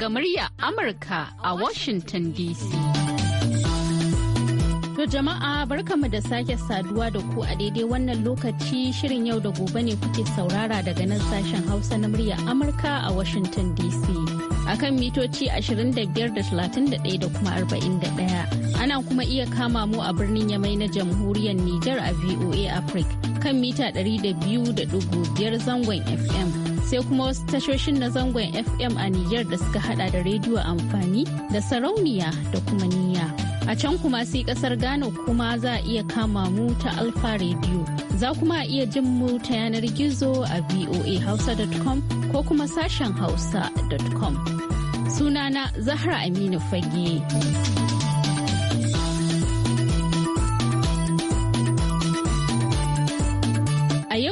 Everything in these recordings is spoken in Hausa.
daga murya Amurka a Washington DC. To jama'a barkamu da sake saduwa da ku a daidai wannan lokaci shirin yau da gobe ne kuke saurara daga nan sashen Hausa na murya Amurka a Washington DC. kan mitoci 25 da kuma 41. ana kuma iya kama mu a birnin yamai na jamhuriyar Nijar a VOA Africa kan mita 200.5 zangon FM. sai kuma wasu tashoshin na zangon FM a Nijar da suka hada da rediyo amfani da sarauniya da kuma niyya. A can kuma sai kasar Ghana kuma za a iya kama mu ta Alfa Radio. Za kuma a iya jin mu ta yanar gizo a voahausa.com ko kuma sashen hausa.com. Sunana Zahra Aminu Fage.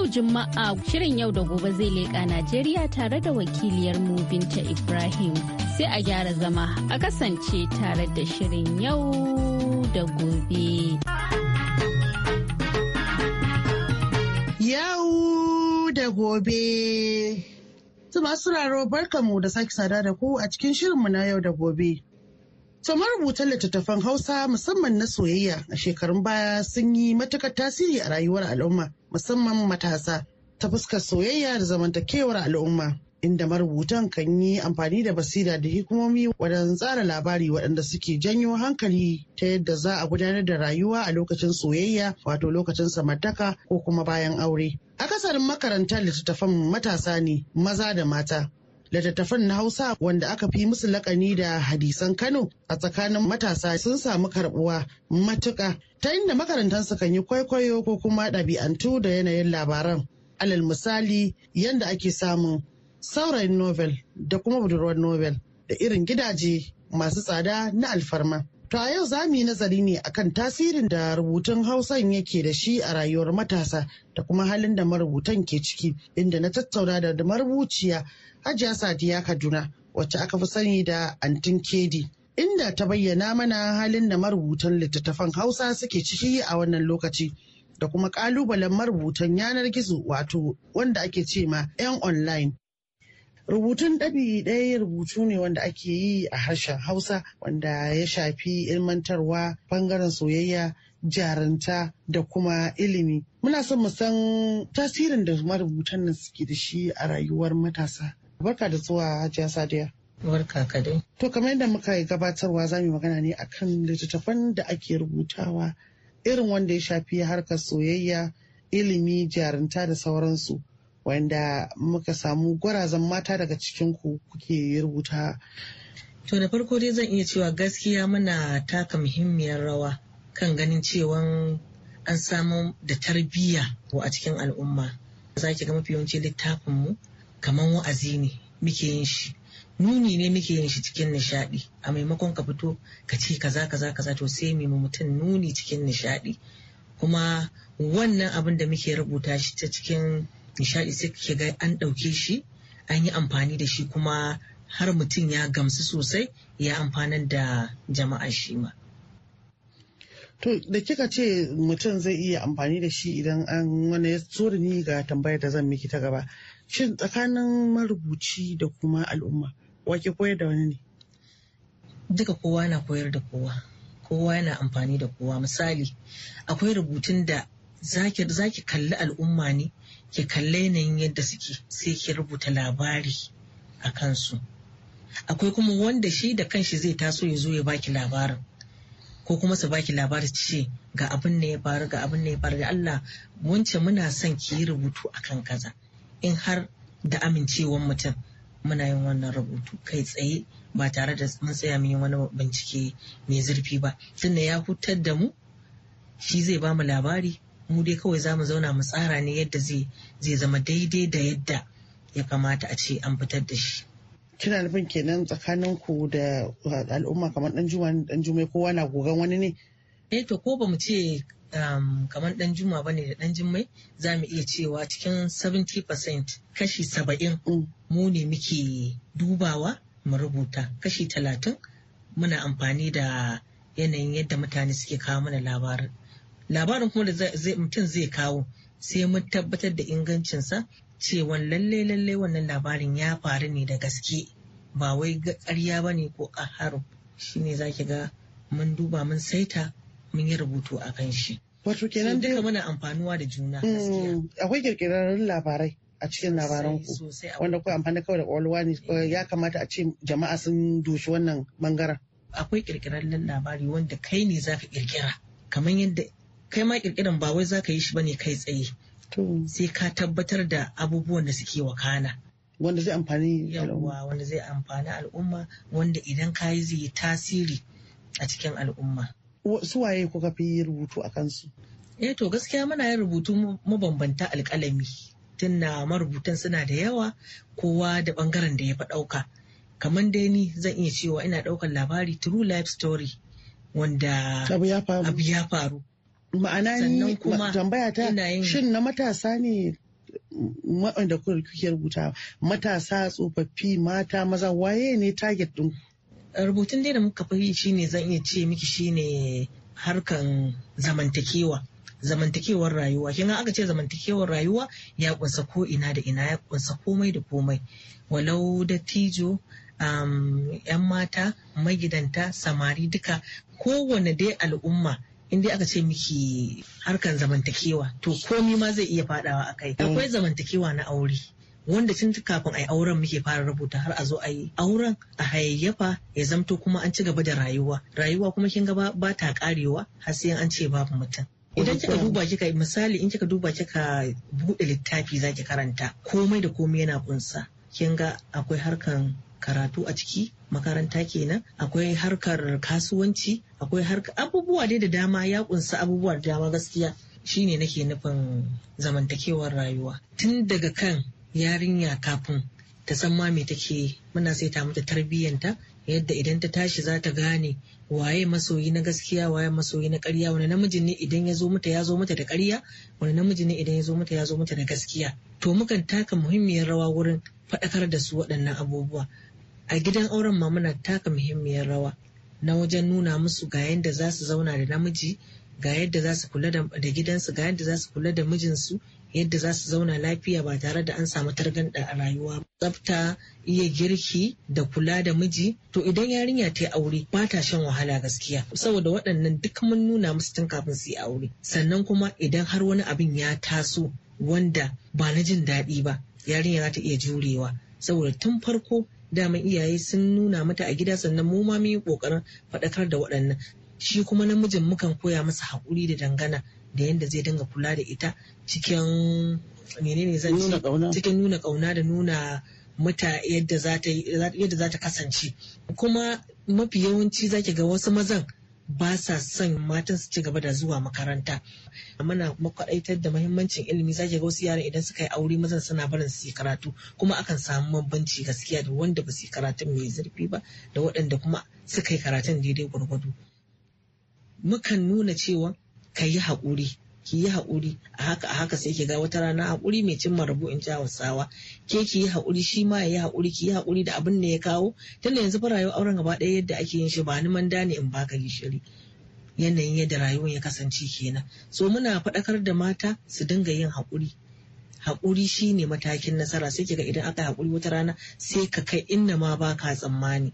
Juma'a shirin yau da gobe zai leƙa Najeriya tare da wakiliyar mu Binta Ibrahim. Sai a gyara zama a kasance tare da shirin yau da gobe. Yau da gobe. Su masu raro barkamu da sake sada da ku a cikin shirinmu na yau da gobe. To littattafan Hausa musamman na soyayya a shekarun baya sun yi matuƙar tasiri a rayuwar al'umma musamman matasa ta fuskar soyayya da zamantakewar al'umma inda marubutan kan yi amfani da basira da hikimomi wajen tsara labari waɗanda suke janyo hankali ta yadda za a gudanar da rayuwa a lokacin soyayya wato lokacin samartaka ko kuma bayan aure. Akasarin makarantar littattafan matasa ne maza da mata littattafan na Hausa wanda aka fi musu lakani da hadisan Kano a tsakanin matasa sun samu karbuwa matuka ta inda makarantar su kan yi kwaikwayo ko kuma ɗabi'antu da yanayin labaran. Alal misali yadda ake samun saurayin novel da kuma budurwar novel da irin gidaje masu tsada na alfarma. To a yau za mu yi nazari ne akan tasirin da rubutun Hausan yake da shi a rayuwar matasa da kuma halin da marubutan ke ciki, inda na tattauna da marubuciya Hajiya Sadiya Kaduna wacce aka fi sani da Antin Kedi. Inda ta bayyana mana halin da marubutan littattafan Hausa suke ciki a wannan lokaci da kuma ƙalubalen marubutan yanar gizo wato wanda ake ce ma 'yan online. Rubutun ɗabi ɗaya rubutu ne wanda ake yi a harshen Hausa wanda ya shafi ilmantarwa bangaren soyayya jaranta da kuma ilimi. Muna son mu san tasirin da marubutan nan suke da shi a rayuwar matasa Barka da zuwa Hajiya Sadiya. Barka ka dai. To kamar yadda muka yi gabatarwa za mu magana ne akan littattafan da ake rubutawa irin wanda ya shafi harkar soyayya, ilimi, jarinta da sauransu. Wanda muka samu gwarazan mata daga cikin ku kuke rubuta. To da farko dai zan iya cewa gaskiya muna taka muhimmiyar rawa kan ganin cewa an samu da tarbiyya a cikin al'umma. Za ki ga mafi yawanci littafinmu kamar wa'azi ne muke yin shi nuni ne muke yin shi cikin nishaɗi a maimakon ka fito ka ce kaza kaza kaza to sai mai mutum nuni cikin nishaɗi kuma wannan abin da muke rubuta shi ta cikin nishaɗi sai kake ga an ɗauke shi an yi amfani da shi kuma har mutum ya gamsu sosai ya amfanar da jama'a shi ma. To da kika ce mutum zai iya amfani da shi idan an wani ya ga tambayar da zan miki ta gaba. shin tsakanin marubuci da kuma al'umma wake koyar da wani ne duka kowa na koyar da kowa kowa yana amfani da kowa misali akwai rubutun da za ki kalli al'umma ne ki kalli yanayin yadda suke sai ki rubuta labari a kansu akwai kuma wanda shi da kanshi zai taso ya zo ya baki labarin ko kuma su baki labarin ce ga abin da ya faru ga abin da ya faru da Allah wance muna son ki yi rubutu akan kaza in har da amincewan mutum muna yin wannan rubutu kai tsaye ba tare da mun tsaya mun yi wani bincike mai zurfi ba tunda ya hutar da mu shi zai ba mu labari mu dai kawai za mu zauna mu tsara ne yadda zai zama daidai da yadda ya kamata a ce an fitar da shi kina nufin kenan tsakanin ku da al'umma kamar dan juma dan juma'a kowa na gogan wani ne eh to ko ba mu ce um, kamar dan juma bane da dan jimmai za mu iya cewa cikin 70% kashi 70 mm. mu ne muke dubawa mu rubuta kashi 30 muna amfani da yanayin yadda mutane suke kawo mana labarin labarin kuma da mutum zai kawo sai mun tabbatar da ingancinsa cewan lalle lalle wannan labarin ya faru ne da gaske ba wai ƙarya ba ne ko a ƙaharu shine za ki ga mun duba mun saita mun yi rubutu a kan shi. Wato kenan dai muna amfanuwa da juna. Hmm, akwai kirkirarren labarai a cikin labaran ku wanda ku amfani kawai da kwakwalwa ne eh. ya kamata a ce jama'a sun doshi wannan bangaren. Akwai kirkirarren labari wanda kai ne zaka kirkira kamar yadda kai ma kirkiran ba wai zaka yi shi bane kai tsaye. Sai ka tabbatar da abubuwan da suke wakana. Wanda zai amfani al'umma. wanda zai amfani al'umma wanda idan ka yi zai yi tasiri a cikin al'umma. Su suwaye kuka fi yi rubutu a kansu eh to gaskiya muna yin rubutu mabambanta alkalami tunda marubutan suna da yawa kowa da bangaren da ya fi ɗauka kamar dai ni zan iya cewa ina ɗaukar labari true life story wanda abu ya faru ma'ana ni tambaya ta shin na matasa ne waɗanda kuke rubuta matasa tsofaffi mata maza waye ne target ɗinku rubutun dai da muka fi ne zan iya ce miki shi ne harkan zamantakewa zamantakewar rayuwa kin aka ce zamantakewar rayuwa ya kunsa ko ina da ina ya kunsa komai da komai walau da tijo yan mata magidanta samari duka kowane dai al'umma in dai aka ce miki harkan zamantakewa to komi ma zai iya fadawa a kai akwai zamantakewa na aure wanda tun kafin a yi auren muke fara rubuta har a zo a yi auren a hayayyafa ya zamto kuma an ci gaba da rayuwa rayuwa kuma kin gaba ba ta karewa har sai an ce babu mutum idan kika duba kika misali in kika duba kika bude littafi zaki karanta komai da komai yana kunsa kin ga akwai harkan karatu a ciki makaranta kenan akwai harkar kasuwanci akwai harkar abubuwa dai da dama ya kunsa abubuwa da dama gaskiya shine nake nufin zamantakewar rayuwa tun daga kan yarinya kafin ta san ma me take yi muna saita mata tarbiyyanta yadda idan ta tashi za ta gane waye masoyi na gaskiya waye masoyi na ƙarya wani namiji ne idan ya zo mata ya zo mata da ƙarya wani namiji ne idan ya zo mata ya zo mata da gaskiya to mukan taka muhimmiyar rawa wurin faɗakar da su waɗannan abubuwa a gidan auren ma muna taka muhimmiyar rawa na wajen nuna musu ga yadda za su zauna da namiji ga yadda za su kula da gidansu ga yadda za su kula da mijinsu yadda za su zauna lafiya ba tare da an samu targanda a rayuwa tsafta iya girki da kula da miji to idan yarinya ta yi aure ba ta shan wahala gaskiya saboda waɗannan duk mun nuna musu tun kafin su yi aure sannan kuma idan har wani abin ya taso wanda ba na jin daɗi ba yarinya za ta iya jurewa saboda tun farko daman iyaye sun nuna mata a gida sannan mu ma mu yi ƙoƙarin faɗakar da waɗannan shi kuma namijin mukan koya masa haƙuri da dangana da yadda zai dinga kula da ita cikin menene zan cikin nuna kauna da nuna mata yadda za ta kasance kuma mafi yawanci zaki ga wasu mazan ba sa son matan su ci gaba da zuwa makaranta muna kuma kwadaitar da mahimmancin ilimi zaki ga wasu yaran idan suka yi aure mazan suna barin su karatu kuma akan samu bambanci gaskiya da wanda ba su yi mai zurfi ba da waɗanda kuma suka yi karatun daidai gwargwado mukan nuna cewa ka yi haƙuri ki yi haƙuri a haka a haka sai ki ga wata rana haƙuri mai cimma rabu in ji hausawa ke ki yi haƙuri shi ma ya yi haƙuri ki yi haƙuri da abin da ya kawo tunda yanzu fa rayuwar auren gaba ɗaya yadda ake yin shi ba ni manda ne in baka gishiri yanayin yadda rayuwar ya kasance kenan so muna faɗakar da mata su dinga yin haƙuri haƙuri shi ne matakin nasara sai ga idan aka haƙuri wata rana sai ka kai inda ma ba ka tsammani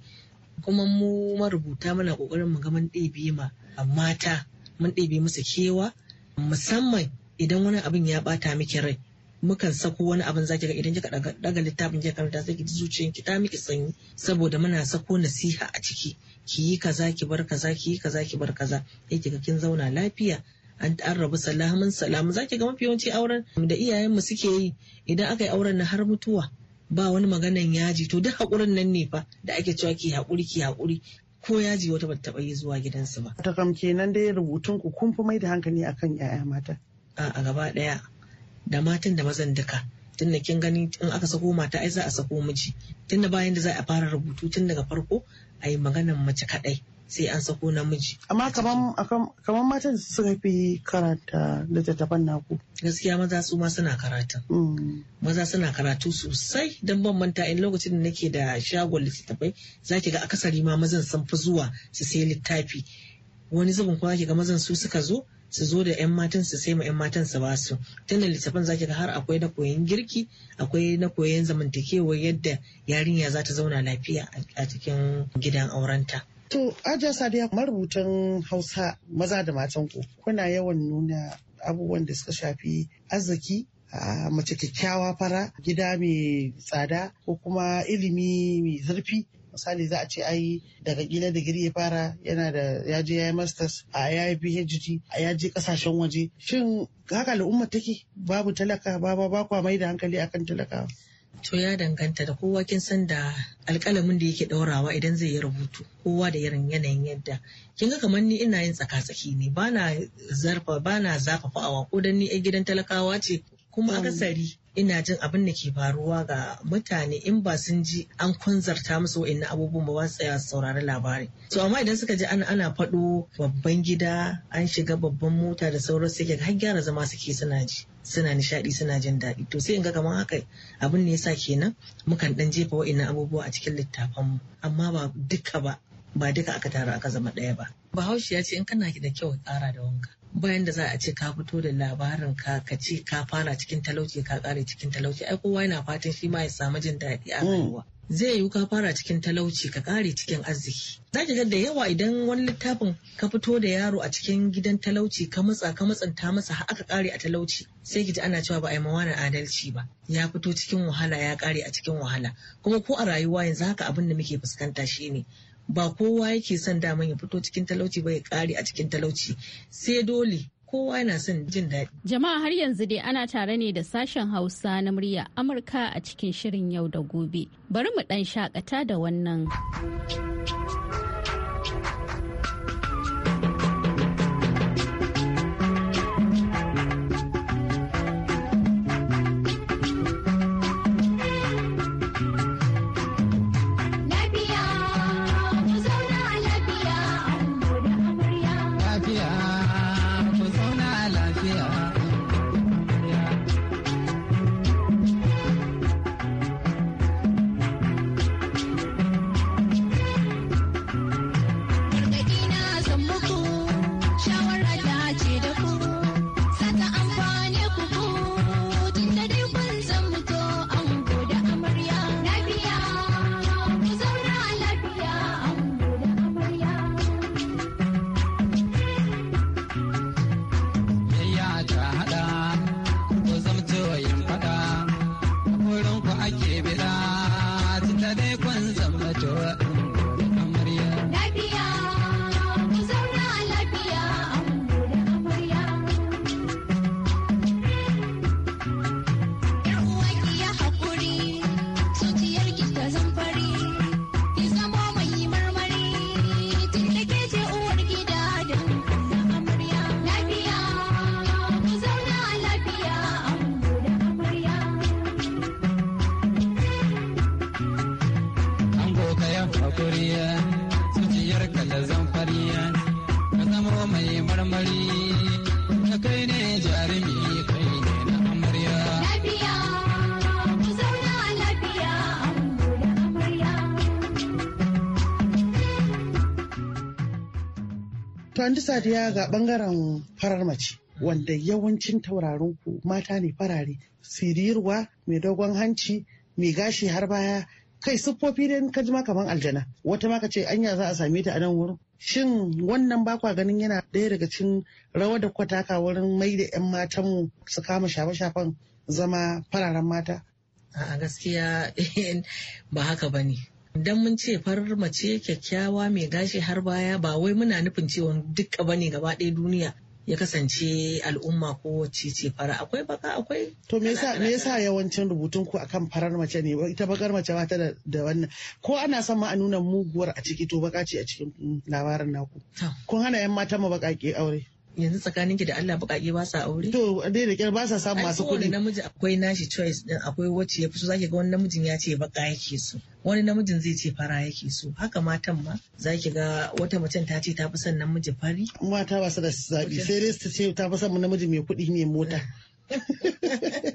kuma mu marubuta muna ƙoƙarin mu ga man ɗebe ma mata mun ɗebe musu kewa musamman idan wani abin ya ɓata miki rai mukan sako wani abin zaki ga idan kika daga littafin kika karanta sai ki zuciyar ki ta miki sanyi saboda muna sako nasiha a ciki ki yi kaza ki bar kaza ki yi kaza ki bar kaza sai kiga kin zauna lafiya an an rabu salamun salamu zaki ga mafi yawanci auren da iyayen mu suke yi idan aka yi auren na har mutuwa ba wani maganan yaji to duk haƙurin nan ne fa da ake cewa ki haƙuri ki haƙuri ko yaji wata bata taba yi zuwa gidansu ba. Ta kam kenan dai rubutun ku kun fi mai da hankali akan 'ya'ya mata. A gaba daya da matan da mazan duka. Tun da kin gani in aka sako mata ai za a sako miji Tun da bayan da za a fara rubutu tun daga farko ayi yi maganan mace kadai sai an sako namiji. Amma kamar matan da suka fi karanta littattafan naku. Gaskiya maza su ma suna karatu. Mm. Maza suna karatu sosai don ban manta in lokacin da nake da shagon littattafai za ki ga akasari ma mazan sun fi zuwa su sai littafi. Wani zubin kuma ki ga mazan su suka zo su zo da 'yan matan su sai ma 'yan matan su basu littattafan za ki ga har akwai na koyon girki akwai na koyon zamantakewa yadda yarinya za ta zauna lafiya a cikin gidan aurenta To, Aja Sadiya marubutan Hausa maza da matan ku kuna yawan nuna abubuwan da suka shafi arziki a mace kyakkyawa fara gida mai tsada ko kuma ilimi mai zurfi misali za a ce ai daga gina da ya fara yana da ya je ya yi masters a ya yi phd a ya je kasashen waje shin haka al'umma take babu talaka ba ba kwa mai da hankali akan talakawa To ya danganta da kowa kin san da alƙalamin da yake ɗaurawa idan zai yi rubutu kowa da irin yanayin yadda kin ga kamar ni ina yin tsaka-tsaki ne na zarfa zafafa awa ko dan ni a gidan talakawa ce kuma mm. akasari ina jin abin da ke faruwa ga mutane in ba sun ji an kunzarta musu wa'annan abubuwan ba ba su tsaya saurari labari to amma idan suka ji ana ana faɗo babban gida an shiga babban mota da sauran suke har gyara zama suke suna ji suna nishadi suna jin daɗi to sai in ga kamar haka abin ne yasa kenan mukan dan jefa wa'annan abubuwa a cikin littafan mu amma ba duka ba ba duka aka tara aka zama ɗaya ba bahaushe ya ce in kana da kyau ƙara da wanka bayan da za a ce ka fito da labarin ka ka ce ka fara cikin talauci ka kare cikin talauci ai kowa yana fatan shi ma ya samu jin daɗi a rayuwa zai yiwu ka fara cikin talauci ka kare cikin arziki za ki ga da yawa idan wani littafin ka fito da yaro a cikin gidan talauci ka matsa ka matsanta masa har aka kare a talauci sai ki ji ana cewa ba a yi mawana adalci ba ya fito cikin wahala ya kare a cikin wahala kuma ko a rayuwa yanzu haka abin da muke fuskanta shine ba kowa yake son daman ya fito cikin talauci ba ya kare a cikin talauci sai dole kowa yana son jin daɗi. Jama'a har yanzu dai ana tare ne da sashen Hausa na murya Amurka a cikin shirin yau da gobe. Bari mu ɗan shakata da wannan. anti sadiya ga bangaren farar mace wanda yawancin taurarin ku mata ne farare sirirwa mai dogon hanci mai gashi har baya kai siffofi dai ka ji ma kaman aljana wata ma ka ce anya za a same ta a nan wurin shin wannan bakwa ganin yana ɗaya daga cikin rawar da kwataka wurin mai da 'yan matanmu su kama shafe-shafen zama fararen mata a gaskiya ba haka bane idan mun ce farar mace kyakkyawa mai gashi har baya ba wai muna nufin cewa dukka bane gaba ɗaya duniya ya kasance al'umma ko wacce ce fara akwai baka akwai to me yasa me yawancin rubutun ku akan farar mace ne ita bakar mace ba ta da wannan ko ana son ma a nuna muguwar a ciki to baka ce a cikin labarin naku kun hana yan mata ma ke aure yanzu tsakanin ki da Allah bukaki ba sa aure to dai da kyar ba sa samu masu kuɗi namiji akwai nashi choice din akwai wacce ya so zaki ga wani namijin ya ce baka yake so wani namijin zai ce fara yake so haka matan ma zaki ga wata macen ta ce ta fi son namiji fari mata ba su da zabi sai dai su ce ta fi son namiji mai kuɗi mai mota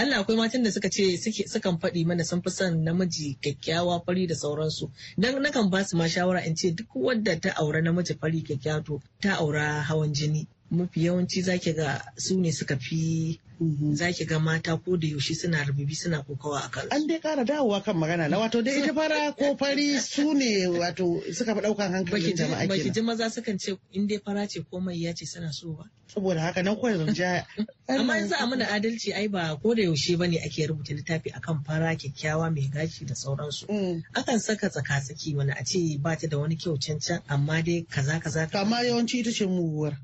Allah akwai matan da suka ce sukan faɗi mana sun fi son namiji kyakkyawa fari da sauransu dan nakan ba su ma shawara in ce duk wadda ta aura namiji fari kyakkyawa to ta aura hawan jini mafi yawanci zaki ga su ne suka fi Mhm. za ki ga mata ko da yaushe suna rububi suna kokawa a kansu. An dai kara dawowa kan magana na wato dai ita fara ko fari su ne wato suka fi daukan hankalin jama'a kenan. Baki ji maza sukan ce in dai fara ce komai ya ce suna so ba. Saboda haka nan kawai zan Amma yanzu a mana adalci ai ba ko da yaushe bane ake rubuta littafi akan fara kyakkyawa mai gashi da sauransu. Mm. Akan saka tsaka-tsaki wani a ce ba ta da wani kyau cancan amma dai kaza kaza. Kama yawanci ita ce muguwar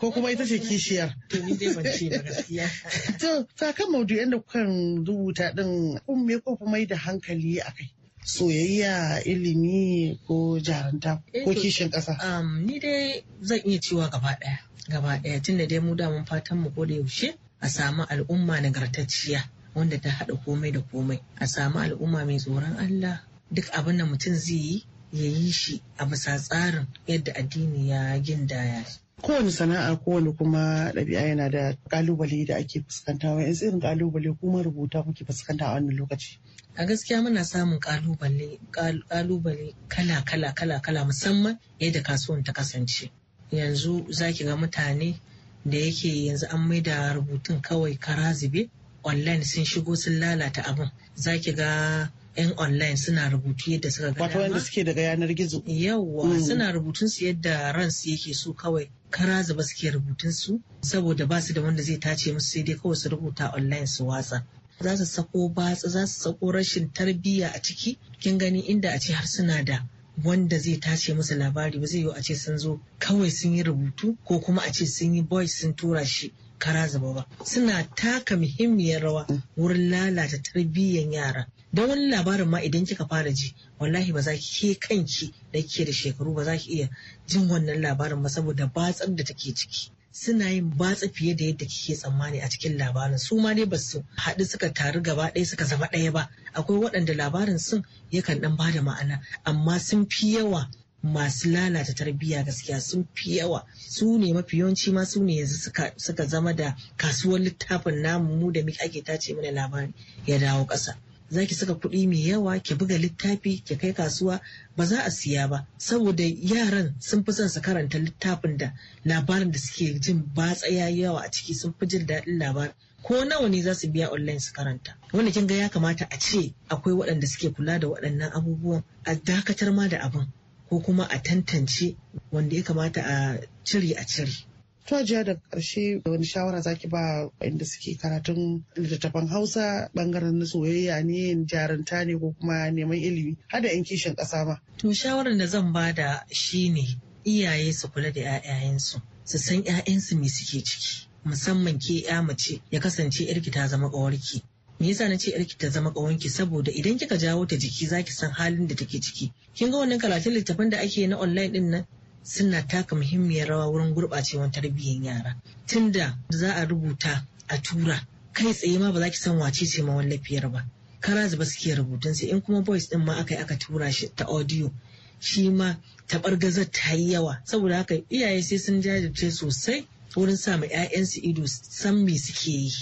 ko kuma ita ce kishiyar. To ni dai ban ce gaskiya. To, kakan maudu'in da kukan rubuta din kun me ko mai da hankali a kai. Soyayya, ilimi ko jaranta eh ko kishin ƙasa. Um, ni dai zan iya cewa gaba ɗaya. Gaba ɗaya tunda dai mu damun fatan mu ko da yaushe a samu al'umma nagartacciya wanda ta haɗa komai da komai. A samu al'umma mai tsoron Allah duk abin da mutum zai yi ya yi shi a bisa tsarin yadda addini ya gindaya kowane sana'a kowane kuma ɗabi'a yana da kalubale da ake fuskanta wa yanzu irin kalubale kuma rubuta kuke fuskanta a wannan lokaci a gaskiya muna samun kalubale kalubale kala kala kala kala musamman yadda kasuwan ta kasance yanzu zaki ga mutane da yake yanzu an da rubutun kawai kara zube online sun shigo sun lalata abin zaki ga 'yan online suna rubutu yadda suka ga wato wanda suke daga yanar gizo yawwa mm. suna rubutun su yadda ransu yake so kawai kara zuba suke rubutun saboda ba su da wanda zai tace musu sai dai kawai su rubuta online su watsa za su sako batsa za su sako rashin tarbiyya a ciki kin gani inda a ce har suna da wanda zai tace musu labari ba zai yiwu a ce sun zo kawai sun yi rubutu ko kuma a ce sun yi boy sun tura shi kara zuba ba suna taka muhimmiyar rawa mm. wurin lalata tarbiyyar yara da wani labarin ma idan kika fara ji wallahi ba za ki ke kanki da ke da shekaru ba za ki iya jin wannan labarin ba saboda batsar da take ciki suna yin batsa fiye da yadda kike tsammani a cikin labarin su ma dai ba su haɗu suka taru gaba ɗaya suka zama ɗaya ba akwai waɗanda labarin sun yakan ɗan ba da ma'ana amma sun fi yawa masu lalata tarbiyya gaskiya sun fi yawa su ne mafi yawanci ma su ne yanzu suka zama da kasuwar littafin namu mu da muke ake tace mana labarin ya dawo ƙasa za ki saka kuɗi mai yawa ki buga littafi ki kai kasuwa ba za a siya ba saboda yaran sun fi son su karanta littafin da labarin da suke jin ba tsaya yawa a ciki sun fi jin daɗin labarin ko nawa ne za su biya online su karanta wanda kin ga ya kamata a ce akwai waɗanda suke kula da waɗannan abubuwan a dakatar ma da abin ko kuma a tantance wanda ya kamata a cire a cire To jiya da ƙarshe wani shawara zaki ba inda suke karatun littattafan Hausa bangaren na soyayya ne jarinta ne ko kuma neman ilimi hada yan kishin ƙasa ma. To shawarar da zan ba da shi ne iyaye su kula da 'ya'yayensu su san 'ya'yansu me suke ciki musamman ke 'ya mace ya kasance 'yarki ta zama ƙawarki. me yasa na ce yarki ta zama ƙawanki saboda idan kika jawo ta jiki zaki san halin da take ciki kin ga wannan karatun littafin da ake na online din nan suna taka muhimmiyar rawa wurin gurɓacewar tarbiyyar yara tunda za a rubuta a tura kai tsaye ma ba za ki san wace ce wallafiyar ba kara ba suke rubutun sai in kuma boys din ma aka yi aka tura shi ta audio shi ma taɓargazar ta yi yawa saboda haka iyaye sai sun jajirce sosai wurin sa ma 'ya'yansu ido san me suke yi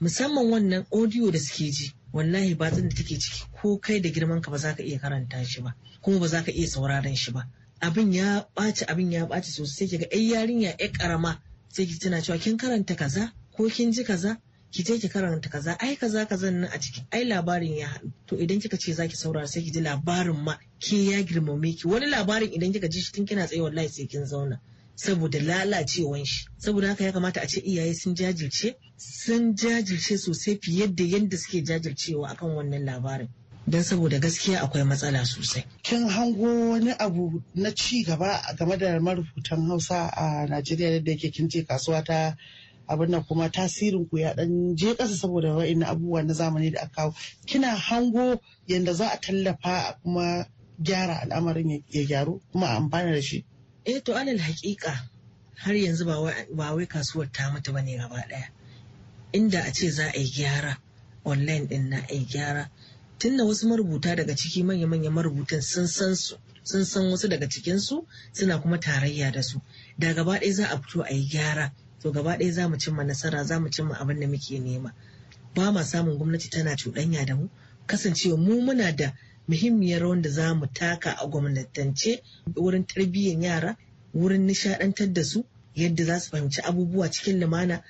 musamman wannan audio da suke ji wallahi batun da take ciki ko kai da girman ka ba za ka iya karanta shi ba kuma ba za ka iya sauraron shi ba abin ya ɓaci abin ya ɓaci sosai kiga ai yarinya ya karama sai ki tana cewa kin karanta kaza ko kin ji kaza ki je ki karanta kaza ai kaza kaza nan a ciki ai labarin ya haɗu to idan kika ce zaki saurara sai ki ji labarin ma ke ya girmame ki wani labarin idan kika ji shi tun kina tsaye wallahi sai kin zauna saboda lalacewan shi saboda haka ya kamata a ce iyaye sun jajirce sun jajirce sosai fiye da yadda suke jajircewa akan wannan labarin don saboda gaskiya akwai matsala sosai. Kin hango wani abu na ci gaba game da marubutan Hausa a Najeriya da yake kin ce kasuwa ta abin nan kuma tasirin ku ya dan je kasa saboda wa'annan abubuwa na zamani da aka kawo. Kina hango yanda za a tallafa kuma gyara al'amarin ya gyaru kuma a amfana da shi. Eh to alal haƙiƙa har yanzu ba wai kasuwar ta mutu bane gaba ɗaya. Inda a ce za a yi gyara online din na a yi gyara tunda wasu marubuta daga ciki manya-manyan marubutan sun san su sun san wasu daga cikin su suna kuma tarayya da su da gaba ɗaya za a fito a yi gyara to gaba ɗaya za mu cimma nasara za mu cimma abin da muke nema ba ma samun gwamnati tana cuɗanya da mu kasancewa mu muna da muhimmiyar rawan da za mu taka a gwamnatance wurin tarbiyyar yara wurin nishaɗantar da su yadda za su fahimci abubuwa cikin lumana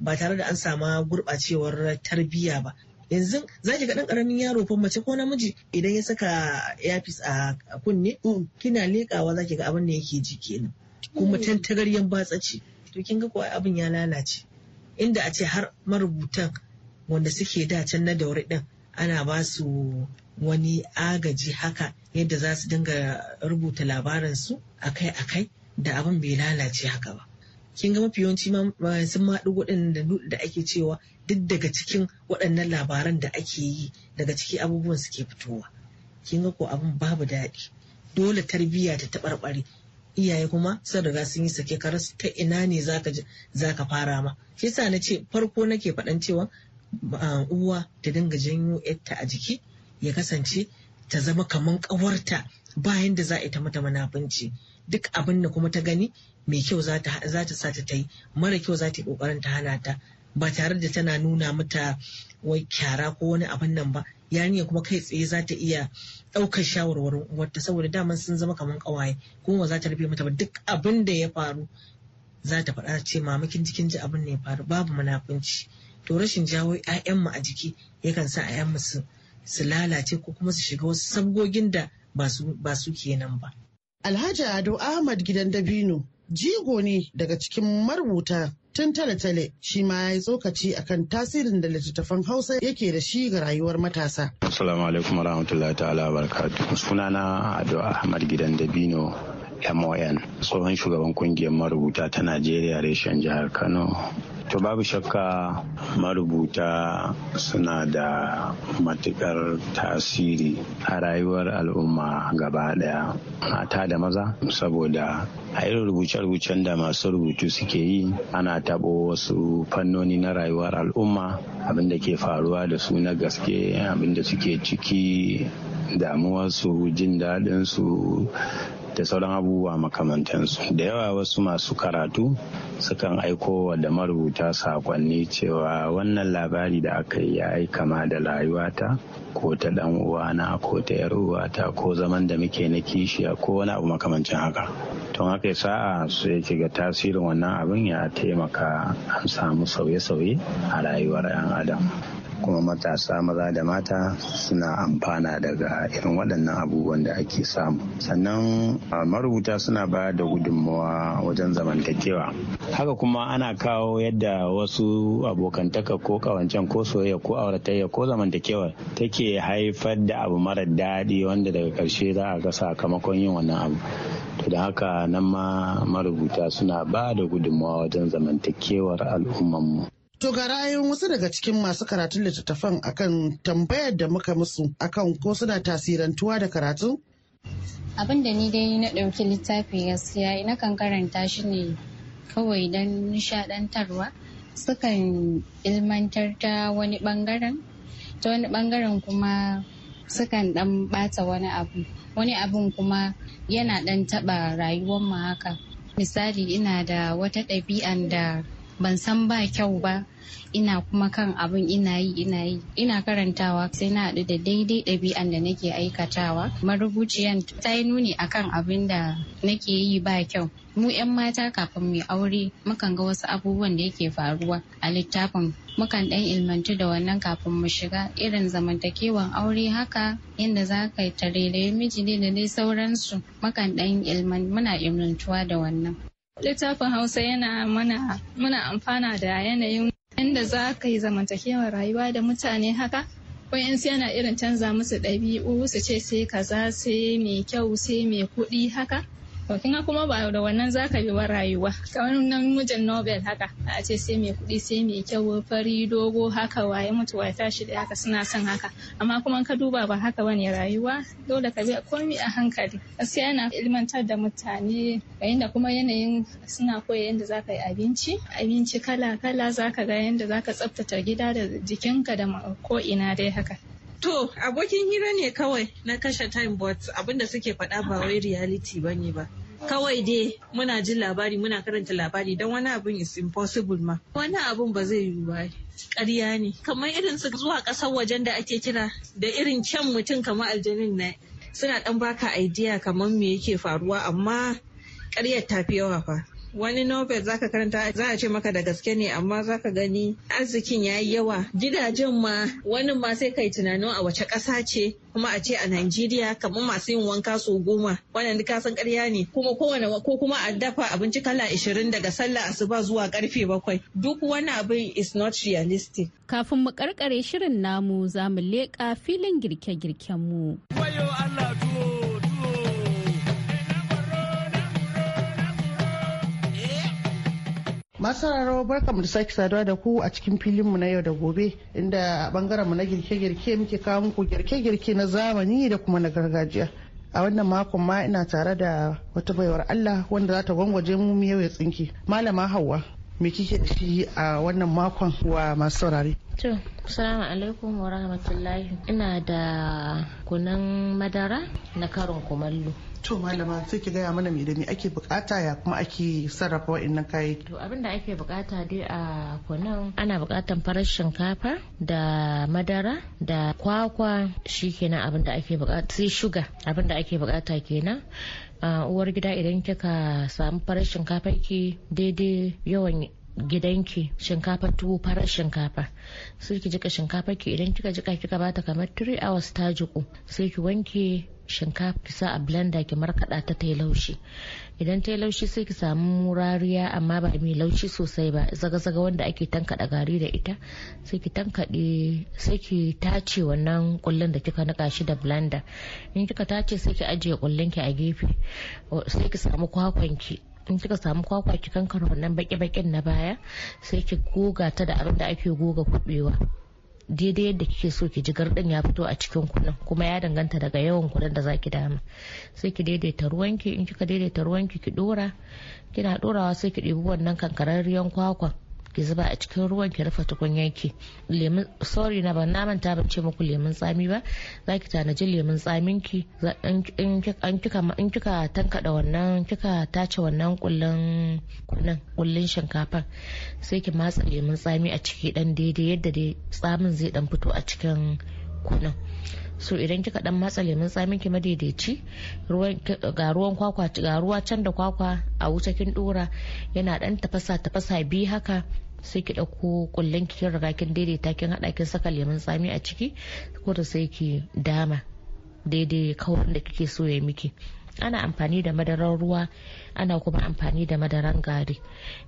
ba tare da an sama gurɓacewar tarbiyya ba yanzu za ki ga ɗan ƙaramin yaro ko mace ko namiji idan ya saka yafis a kunne mm. kina leƙawa za ki ga abin da yake ji kenan kuma mm. tantagaryen batsa ce to kin ga ko abin ya lalace inda a ce har marubutan wanda suke da can na daure din ana ba su wani agaji haka yadda za su dinga rubuta labarin su akai-akai da abin bai lalace haka ba kin ga mafi yawanci ma sun maɗi waɗanda da ake cewa duk daga cikin waɗannan labaran da ake yi daga ciki abubuwan suke fitowa kin ga ko abin babu daɗi dole tarbiyya ta taɓarɓare iyaye kuma sun riga sun yi sake karas ta ina ne zaka fara ma shi yasa na ce farko nake faɗan cewa uwa ta dinga janyo 'yatta a jiki ya kasance ta zama kamar ƙawarta bayan da za a yi ta mata manafinci, duk abin da kuma ta gani mai kyau za ta sa ta ta yi mara kyau za ta yi kokarin ta hana ta ba tare da tana nuna mata wai kyara ko wani abin nan ba yarinya kuma kai tsaye za ta iya ɗaukar shawarwarin uwarta saboda daman sun zama kamar ƙawaye kuma za ta rufe mata ba duk abin da ya faru za ta faɗa ce mamakin jikin ji abin ne ya faru babu munafunci to rashin jawo 'ya'yanmu a jiki yakan sa 'ya'yanmu su su lalace ko kuma su shiga wasu sabgogin da ba su kenan ba. Alhaji Ado Ahmad gidan Dabino jigo ne daga cikin marubuta tun tale-tale shi ma ya tsokaci akan tasirin da littattafan hausa yake da shi ga rayuwar matasa. Assalamu alaikum warahmatullahi ta'ala barakatu. Sunana Ado Ahmad Gidan Dabino MON tsohon shugaban kungiyar marubuta ta Najeriya reshen jihar Kano to babu shakka marubuta suna da matukar tasiri a rayuwar al'umma gaba daya mata da maza saboda a irin rubuce-rubucen da masu rubutu suke yi ana tabo wasu fannoni na rayuwar al'umma abinda ke faruwa da su na gaske abinda suke ciki damuwarsu jin daɗinsu da sauran abubuwa makamantansu da yawa wasu masu karatu sukan aiko da marubuta sakonni cewa wannan labari da aka yi ya kama da rayuwata ko ta dan uwana ko ta yar uwata ko zaman da muke na kishiya ko wani abu makamancin haka tun haka sa'a su ya ga tasirin wannan abin ya taimaka an samu sauye-sauye a rayuwar 'yan adam kuma matasa maza da mata suna amfana daga irin waɗannan abubuwan da ake samu sannan marubuta suna ba da gudunmawa wajen zamantakewa haka kuma ana kawo yadda wasu abokantaka ko kawancen ko soyayya ko auratayya ko zamantakewa take haifar da abu mara daɗi wanda daga ƙarshe za a ga sakamakon yin wannan abu to da haka nan ma marubuta suna ba da gudunmawa wajen zamantakewar al'ummanmu To ga ra'ayin wasu daga cikin masu karatun littattafan akan tambayar da muka musu akan ko suna tasirantuwa da karatu? Abin da ni dai na ɗauki littafi gaskiya ina kan karanta shi ne kawai don nishaɗantarwa sukan ilmantar ta wani ɓangaren ta wani ɓangaren kuma sukan ɗan ɓata wani abu wani abun kuma yana ɗan taɓa rayuwar mu haka misali ina da wata ɗabi'an da ban san ba kyau ba ina kuma kan abin ina yi ina yi ina karantawa sai na haɗu da daidai ɗabi'an da nake aikatawa marubuciyan ta yi nuni akan abin da nake yi ba kyau mu 'yan mata kafin mu aure mukan ga wasu abubuwan da yake faruwa a littafin mukan ɗan ilmantu da wannan kafin mu shiga irin zamantakewan aure haka yadda za ka tarere miji ne da dai sauransu mukan ɗan ilmantuwa da wannan littafin hausa yana mana muna amfana da yanayin inda za ka yi zamantakewa rayuwa da mutane haka wayansu yana irin canza musu ɗabi'u su ce sai kaza sai mai kyau sai mai kuɗi haka to kuma ba da wannan zaka bi ba rayuwa kamar namijin Nobel haka a ce sai mai kuɗi sai mai kyau fari dogo haka waye mutu waye tashi da haka suna son haka amma kuma ka duba ba haka bane rayuwa dole ka bi komi a hankali gaskiya yana ilmantar da mutane yayin da kuma yanayin suna koya yadda zaka yi abinci abinci kala kala zaka ga yadda zaka tsaftace gida da jikinka da ko ina dai haka To abokin hira ne kawai na kashe time but abinda suke faɗa ba wai reality ba ne ba. Kawai dai muna jin labari muna karanta labari don wani abin is impossible ma. Wani abun ba zai yiwu ba. karya ne. Kamar irin su zuwa ƙasar wajen da ake kira da irin kyan mutum kamar aljanin na suna ɗan baka idea kamar me yake faruwa amma karyar ta fi yawa fa. wani novel zaka karanta za a ce maka da gaske ne amma zaka gani arzikin ya yi yawa gidajen ma wani ma sai kai tunanin a wace ƙasa ce kuma a ce a Najeriya kamar masu yin wanka su goma wannan duka san ƙarya ne kuma kowane ko kuma a dafa abinci kala 20 daga sallah asuba zuwa karfe bakwai duk wani abin is not realistic kafin mu karkare shirin namu za mu leƙa filin girke-girken mu. barka mu da sake saduwa da ku a cikin filinmu na yau da gobe inda a bangaren mu na girke-girke muke kawo muku girke-girke na zamani da kuma na gargajiya a wannan makon ma ina tare da wata baiwar Allah wanda za ta gwangwaje mu yau ya tsinki malama Hauwa me kike da shi a wannan makon wa masu saurare to assalamu alaikum wa rahmatullahi ina da kunan madara na karin kumallo to malama sai ki gaya mana me ake bukata ya kuma ake sarrafa wa'annan kayayyaki to abin da ake bukata dai a kunan ana bukatan farar shinkafa da madara da kwakwa shikenan abin da ake bukata sai shuga abin da ake bukata kenan uwar gida idan kika samu farar shinkafa ki daidai yawan gidanki shinkafa tuwo farar shinkafa sai ki jika shinkafa ki idan kika jika kika bata kamar 3 hours ta jiku sai ki wanke shinkafa kisa a blender ki markaɗa ta ta laushi idan ta laushi sai ki samu murariya amma ba mai laushi sosai ba zaga-zaga wanda ake tankaɗa gari da ita sai ki tankaɗe sai ki tace wannan kullun da kika nika shi da blender in kika tace sai ki ajiye kullun ki a gefe sai ki samu kwakwan ki in kika samu kwakwa ki kankara wannan baki-bakin na baya sai ki goga ta da abin da ake goga kuɓewa. daidai yadda kike so ki ji gardin ya fito a cikin kuɗin kuma ya danganta daga yawan kuɗin da zaki dama sai ki daidaita ruwanki in kika daidaita ruwanki ki dora kina dorawa sai ki ɗebi wannan kankararriyar kwakwan ki zuba a cikin ruwan ki rufe tukunyan ki lemun sorry na ban manta ban ce muku lemun tsami ba zaki ki tanaji lemun tsamin ki in kika tankada wannan kika tace wannan kullun kullun shinkafa sai ki matsa lemun tsami a ciki dan daidai yadda dai tsamin zai dan fito a cikin kunan so idan kika dan matsa lemun tsamin ki madaidaici ga ruwan kwakwa ga ruwa can da kwakwa a wuta kin dora yana dan tafasa tafasa bi haka sai ki ɗauko kullun ki riga kin daidaita kin haɗa kin saka lemun tsami a ciki ko da sai ki dama daidai kawai da kike so ya miki ana amfani da madarar ruwa ana kuma amfani da madaran gari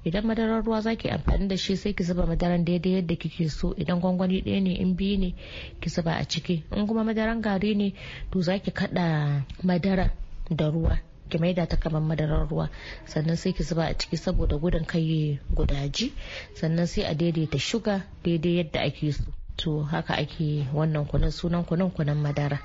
idan madarar ruwa zaki amfani da shi sai ki zuba madaran daidai yadda kike so idan gwangwani ɗaya ne in biyu ne ki zuba a ciki in kuma madaran gari ne to zaki kaɗa madara da ruwa ki maida ta kamar madarar ruwa sannan sai ki zuba a ciki saboda gudun kai gudaji sannan sai a daidaita shuga daidai yadda ake so to haka ake wannan kunan sunan kunan kunan madara.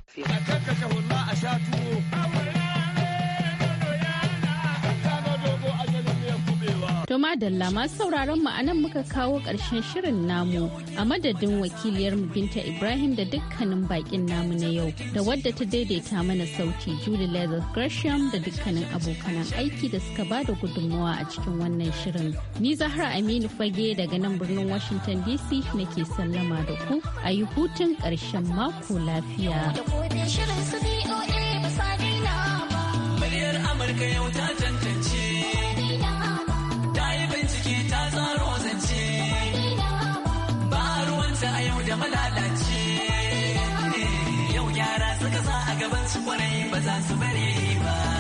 To madalla masu sauraron mu anan muka kawo ƙarshen shirin namu a madadin wakiliyar Binta Ibrahim da dukkanin bakin namu na yau da wadda ta daidaita mana sauti Julie Leather Gresham da dukkanin abokanan aiki da suka bada gudunmawa a cikin wannan shirin. Ni Zahra Aminu Fage daga nan birnin Washington DC nake sallama da ku a yi hutun ƙarshen mako lafiya. Amurka yau ta da malalace eh, yau yara suka sa a gaban su kwarai ba za su bare ba